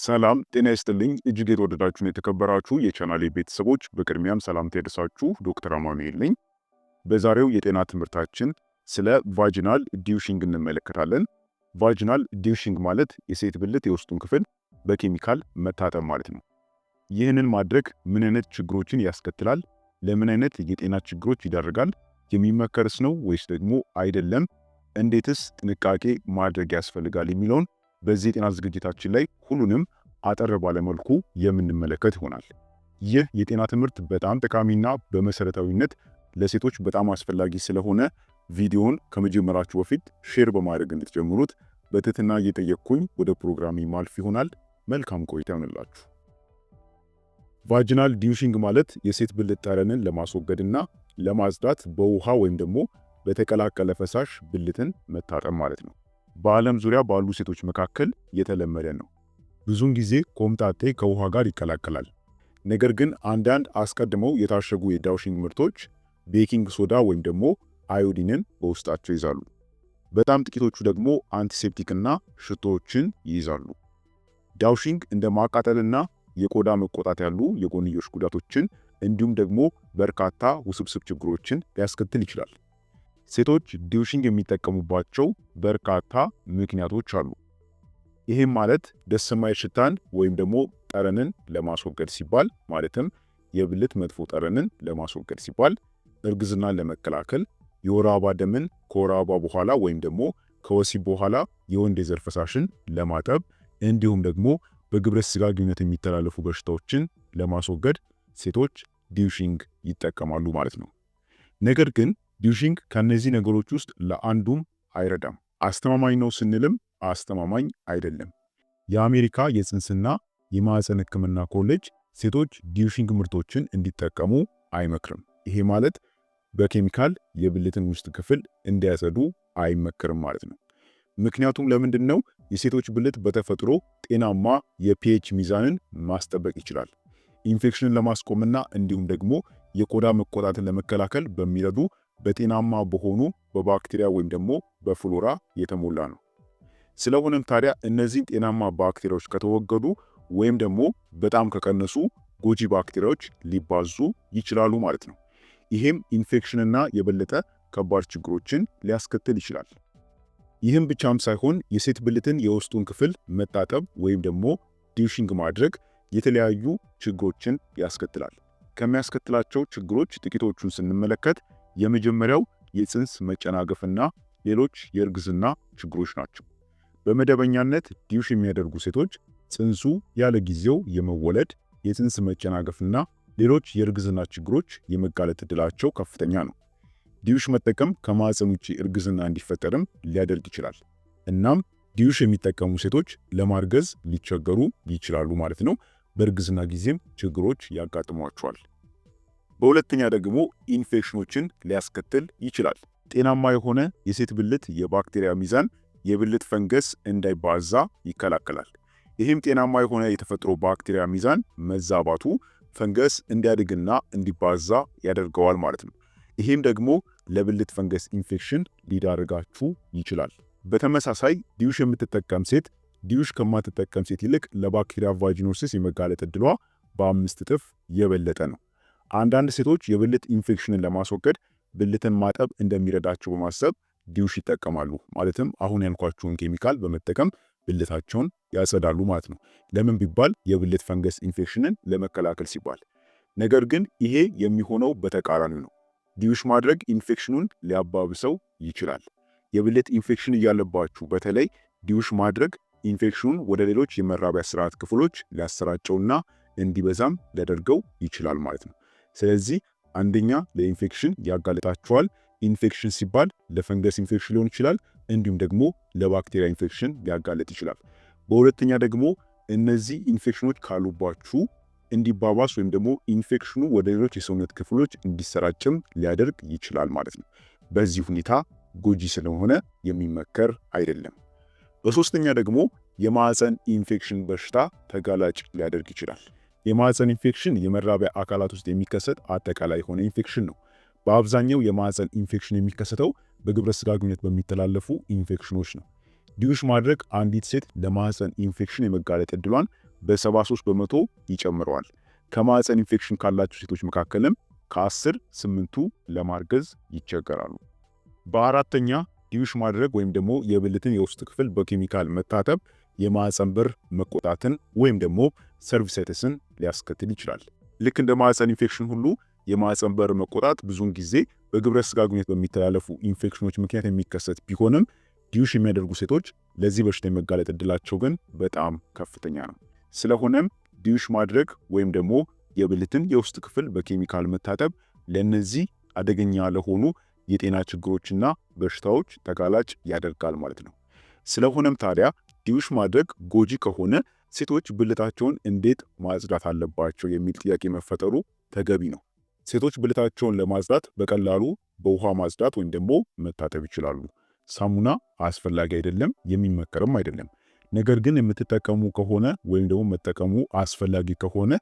ሰላም ጤና ይስጥልኝ እጅግ የተወደዳችሁን የተከበራችሁ የቻናሌ ቤተሰቦች በቅድሚያም ሰላምታ ይድረሳችሁ። ዶክተር አማኑኤል ነኝ። በዛሬው የጤና ትምህርታችን ስለ ቫጂናል ዲውሽንግ እንመለከታለን። ቫጂናል ዲውሽንግ ማለት የሴት ብልት የውስጡን ክፍል በኬሚካል መታጠብ ማለት ነው። ይህንን ማድረግ ምን አይነት ችግሮችን ያስከትላል? ለምን አይነት የጤና ችግሮች ይዳርጋል? የሚመከርስ ነው ወይስ ደግሞ አይደለም? እንዴትስ ጥንቃቄ ማድረግ ያስፈልጋል የሚለውን በዚህ የጤና ዝግጅታችን ላይ ሁሉንም አጠር ባለመልኩ የምንመለከት ይሆናል። ይህ የጤና ትምህርት በጣም ጠቃሚና በመሰረታዊነት ለሴቶች በጣም አስፈላጊ ስለሆነ ቪዲዮውን ከመጀመራችሁ በፊት ሼር በማድረግ እንድትጀምሩት በትህትና እየጠየቅኩኝ ወደ ፕሮግራሚ ማልፍ ይሆናል። መልካም ቆይታ ይሆንላችሁ። ቫጂናል ዲዩሽንግ ማለት የሴት ብልት ጠረንን ለማስወገድና ለማጽዳት በውሃ ወይም ደግሞ በተቀላቀለ ፈሳሽ ብልትን መታጠብ ማለት ነው። በዓለም ዙሪያ ባሉ ሴቶች መካከል የተለመደ ነው። ብዙውን ጊዜ ቆምጣጤ ከውሃ ጋር ይቀላቀላል። ነገር ግን አንዳንድ አስቀድመው የታሸጉ የዳውሽንግ ምርቶች ቤኪንግ ሶዳ ወይም ደግሞ አዮዲንን በውስጣቸው ይዛሉ። በጣም ጥቂቶቹ ደግሞ አንቲሴፕቲክና ሽቶዎችን ይይዛሉ። ዳውሽንግ እንደ ማቃጠልና የቆዳ መቆጣት ያሉ የጎንዮሽ ጉዳቶችን እንዲሁም ደግሞ በርካታ ውስብስብ ችግሮችን ሊያስከትል ይችላል። ሴቶች ዲውሽንግ የሚጠቀሙባቸው በርካታ ምክንያቶች አሉ። ይህም ማለት ደስ የማይል ሽታን ወይም ደግሞ ጠረንን ለማስወገድ ሲባል ማለትም የብልት መጥፎ ጠረንን ለማስወገድ ሲባል፣ እርግዝናን ለመከላከል፣ የወር አበባ ደምን ከወር አበባ በኋላ ወይም ደግሞ ከወሲብ በኋላ የወንድ የዘር ፈሳሽን ለማጠብ እንዲሁም ደግሞ በግብረ ስጋ ግንኙነት የሚተላለፉ በሽታዎችን ለማስወገድ ሴቶች ዲውሽንግ ይጠቀማሉ ማለት ነው። ነገር ግን ዲሽንግ ከነዚህ ነገሮች ውስጥ ለአንዱም አይረዳም። አስተማማኝ ነው ስንልም አስተማማኝ አይደለም። የአሜሪካ የጽንስና የማዕፀን ህክምና ኮሌጅ ሴቶች ዲዩሽንግ ምርቶችን እንዲጠቀሙ አይመክርም። ይሄ ማለት በኬሚካል የብልትን ውስጥ ክፍል እንዲያጸዱ አይመክርም ማለት ነው። ምክንያቱም ለምንድን ነው? የሴቶች ብልት በተፈጥሮ ጤናማ የፒኤች ሚዛንን ማስጠበቅ ይችላል። ኢንፌክሽንን ለማስቆምና እንዲሁም ደግሞ የቆዳ መቆጣትን ለመከላከል በሚረዱ በጤናማ በሆኑ በባክቴሪያ ወይም ደግሞ በፍሎራ የተሞላ ነው። ስለሆነም ታዲያ እነዚህን ጤናማ ባክቴሪያዎች ከተወገዱ ወይም ደግሞ በጣም ከቀነሱ ጎጂ ባክቴሪያዎች ሊባዙ ይችላሉ ማለት ነው። ይህም ኢንፌክሽንና የበለጠ ከባድ ችግሮችን ሊያስከትል ይችላል። ይህም ብቻም ሳይሆን የሴት ብልትን የውስጡን ክፍል መጣጠብ ወይም ደግሞ ዲሽንግ ማድረግ የተለያዩ ችግሮችን ያስከትላል። ከሚያስከትላቸው ችግሮች ጥቂቶቹን ስንመለከት የመጀመሪያው የፅንስ መጨናገፍና ሌሎች የእርግዝና ችግሮች ናቸው። በመደበኛነት ዲውሽ የሚያደርጉ ሴቶች ፅንሱ ያለ ጊዜው የመወለድ የፅንስ መጨናገፍና ሌሎች የእርግዝና ችግሮች የመጋለጥ እድላቸው ከፍተኛ ነው። ዲዩሽ መጠቀም ከማዕፀን ውጭ እርግዝና እንዲፈጠርም ሊያደርግ ይችላል። እናም ዲዩሽ የሚጠቀሙ ሴቶች ለማርገዝ ሊቸገሩ ይችላሉ ማለት ነው። በእርግዝና ጊዜም ችግሮች ያጋጥሟቸዋል። በሁለተኛ ደግሞ ኢንፌክሽኖችን ሊያስከትል ይችላል። ጤናማ የሆነ የሴት ብልት የባክቴሪያ ሚዛን የብልት ፈንገስ እንዳይባዛ ይከላከላል። ይህም ጤናማ የሆነ የተፈጥሮ ባክቴሪያ ሚዛን መዛባቱ ፈንገስ እንዲያድግና እንዲባዛ ያደርገዋል ማለት ነው። ይህም ደግሞ ለብልት ፈንገስ ኢንፌክሽን ሊዳርጋችሁ ይችላል። በተመሳሳይ ዲዩሽ የምትጠቀም ሴት ዲዩሽ ከማትጠቀም ሴት ይልቅ ለባክቴሪያ ቫጂኖሲስ የመጋለጥ እድሏ በአምስት እጥፍ የበለጠ ነው። አንዳንድ ሴቶች የብልት ኢንፌክሽንን ለማስወገድ ብልትን ማጠብ እንደሚረዳቸው በማሰብ ዲውሽ ይጠቀማሉ። ማለትም አሁን ያልኳችሁን ኬሚካል በመጠቀም ብልታቸውን ያጸዳሉ ማለት ነው። ለምን ቢባል የብልት ፈንገስ ኢንፌክሽንን ለመከላከል ሲባል። ነገር ግን ይሄ የሚሆነው በተቃራኒ ነው። ዲውሽ ማድረግ ኢንፌክሽኑን ሊያባብሰው ይችላል። የብልት ኢንፌክሽን እያለባችሁ በተለይ ዲውሽ ማድረግ ኢንፌክሽኑን ወደ ሌሎች የመራቢያ ስርዓት ክፍሎች ሊያሰራጨውና እንዲበዛም ሊያደርገው ይችላል ማለት ነው። ስለዚህ አንደኛ ለኢንፌክሽን ያጋለጣቸዋል። ኢንፌክሽን ሲባል ለፈንገስ ኢንፌክሽን ሊሆን ይችላል፣ እንዲሁም ደግሞ ለባክቴሪያ ኢንፌክሽን ሊያጋለጥ ይችላል። በሁለተኛ ደግሞ እነዚህ ኢንፌክሽኖች ካሉባችሁ እንዲባባስ ወይም ደግሞ ኢንፌክሽኑ ወደ ሌሎች የሰውነት ክፍሎች እንዲሰራጭም ሊያደርግ ይችላል ማለት ነው። በዚህ ሁኔታ ጎጂ ስለሆነ የሚመከር አይደለም። በሶስተኛ ደግሞ የማዕፀን ኢንፌክሽን በሽታ ተጋላጭ ሊያደርግ ይችላል። የማህፀን ኢንፌክሽን የመራቢያ አካላት ውስጥ የሚከሰት አጠቃላይ የሆነ ኢንፌክሽን ነው። በአብዛኛው የማህፀን ኢንፌክሽን የሚከሰተው በግብረ ስጋ ግንኙነት በሚተላለፉ ኢንፌክሽኖች ነው። ዲዩሽ ማድረግ አንዲት ሴት ለማህፀን ኢንፌክሽን የመጋለጥ እድሏን በ73 በመቶ ይጨምረዋል። ከማህፀን ኢንፌክሽን ካላቸው ሴቶች መካከልም ከ10 ስምንቱ ለማርገዝ ይቸገራሉ። በአራተኛ ዲዩሽ ማድረግ ወይም ደግሞ የብልትን የውስጥ ክፍል በኬሚካል መታተብ የማህፀን በር መቆጣትን ወይም ደግሞ ሰርቪሳይተስን ሊያስከትል ይችላል። ልክ እንደ ማህፀን ኢንፌክሽን ሁሉ የማህፀን በር መቆጣት ብዙውን ጊዜ በግብረ ስጋ ግንኙነት በሚተላለፉ ኢንፌክሽኖች ምክንያት የሚከሰት ቢሆንም ዲዩሽ የሚያደርጉ ሴቶች ለዚህ በሽታ የመጋለጥ እድላቸው ግን በጣም ከፍተኛ ነው። ስለሆነም ዲዩሽ ማድረግ ወይም ደግሞ የብልትን የውስጥ ክፍል በኬሚካል መታጠብ ለእነዚህ አደገኛ ለሆኑ የጤና ችግሮችና በሽታዎች ተጋላጭ ያደርጋል ማለት ነው። ስለሆነም ታዲያ ዲዩሽ ማድረግ ጎጂ ከሆነ ሴቶች ብልታቸውን እንዴት ማጽዳት አለባቸው የሚል ጥያቄ መፈጠሩ ተገቢ ነው። ሴቶች ብልታቸውን ለማጽዳት በቀላሉ በውሃ ማጽዳት ወይም ደግሞ መታጠብ ይችላሉ። ሳሙና አስፈላጊ አይደለም፣ የሚመከርም አይደለም። ነገር ግን የምትጠቀሙ ከሆነ ወይም ደግሞ መጠቀሙ አስፈላጊ ከሆነ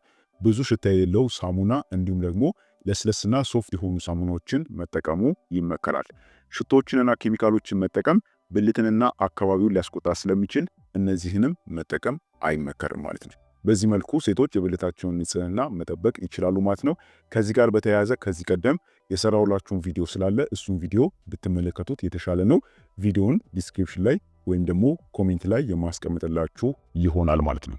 ብዙ ሽታ የሌለው ሳሙና እንዲሁም ደግሞ ለስለስና ሶፍት የሆኑ ሳሙናዎችን መጠቀሙ ይመከራል። ሽቶችንና ኬሚካሎችን መጠቀም ብልትንና አካባቢውን ሊያስቆጣ ስለሚችል እነዚህንም መጠቀም አይመከርም ማለት ነው። በዚህ መልኩ ሴቶች የብልታቸውን ንጽህና መጠበቅ ይችላሉ ማለት ነው። ከዚህ ጋር በተያያዘ ከዚህ ቀደም የሰራውላችሁን ቪዲዮ ስላለ እሱን ቪዲዮ ብትመለከቱት የተሻለ ነው። ቪዲዮውን ዲስክሪፕሽን ላይ ወይም ደግሞ ኮሜንት ላይ የማስቀምጥላችሁ ይሆናል ማለት ነው።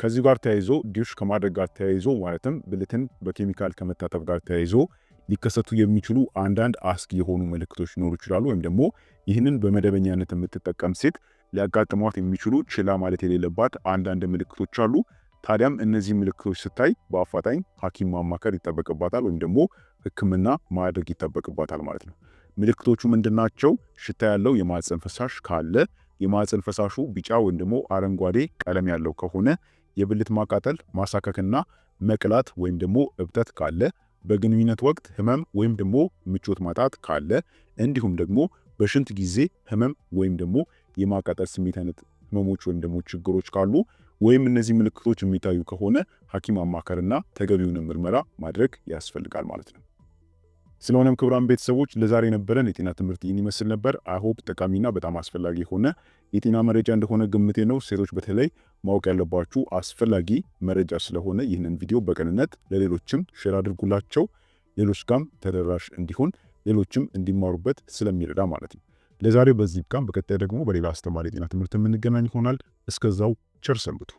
ከዚህ ጋር ተያይዞ ዲሽ ከማድረግ ጋር ተያይዞ ማለትም ብልትን በኬሚካል ከመታጠብ ጋር ተያይዞ ሊከሰቱ የሚችሉ አንዳንድ አስጊ የሆኑ ምልክቶች ሊኖሩ ይችላሉ። ወይም ደግሞ ይህንን በመደበኛነት የምትጠቀም ሴት ሊያጋጥሟት የሚችሉ ችላ ማለት የሌለባት አንዳንድ ምልክቶች አሉ። ታዲያም እነዚህ ምልክቶች ስታይ በአፋጣኝ ሐኪም ማማከር ይጠበቅባታል ወይም ደግሞ ሕክምና ማድረግ ይጠበቅባታል ማለት ነው። ምልክቶቹ ምንድናቸው? ሽታ ያለው የማፀን ፈሳሽ ካለ፣ የማፀን ፈሳሹ ቢጫ ወይም ደግሞ አረንጓዴ ቀለም ያለው ከሆነ፣ የብልት ማቃጠል ማሳከክና መቅላት ወይም ደግሞ እብጠት ካለ፣ በግንኙነት ወቅት ህመም ወይም ደግሞ ምቾት ማጣት ካለ እንዲሁም ደግሞ በሽንት ጊዜ ህመም ወይም ደግሞ የማቃጠል ስሜት አይነት ህመሞች ወይም ደግሞ ችግሮች ካሉ ወይም እነዚህ ምልክቶች የሚታዩ ከሆነ ሐኪም አማከርና ተገቢውን ምርመራ ማድረግ ያስፈልጋል ማለት ነው። ስለሆነም ክቡራን ቤተሰቦች ለዛሬ የነበረን የጤና ትምህርት ይህን ይመስል ነበር። አይሆፕ ጠቃሚና በጣም አስፈላጊ የሆነ የጤና መረጃ እንደሆነ ግምቴ ነው። ሴቶች በተለይ ማወቅ ያለባችሁ አስፈላጊ መረጃ ስለሆነ ይህንን ቪዲዮ በቅንነት ለሌሎችም ሼር አድርጉላቸው። ሌሎች ጋም ተደራሽ እንዲሆን ሌሎችም እንዲማሩበት ስለሚረዳ ማለት ነው። ለዛሬው በዚህ ብቃም፣ በቀጣይ ደግሞ በሌላ አስተማሪ የጤና ትምህርት የምንገናኝ ይሆናል። እስከዛው ቸር ሰንብቱ።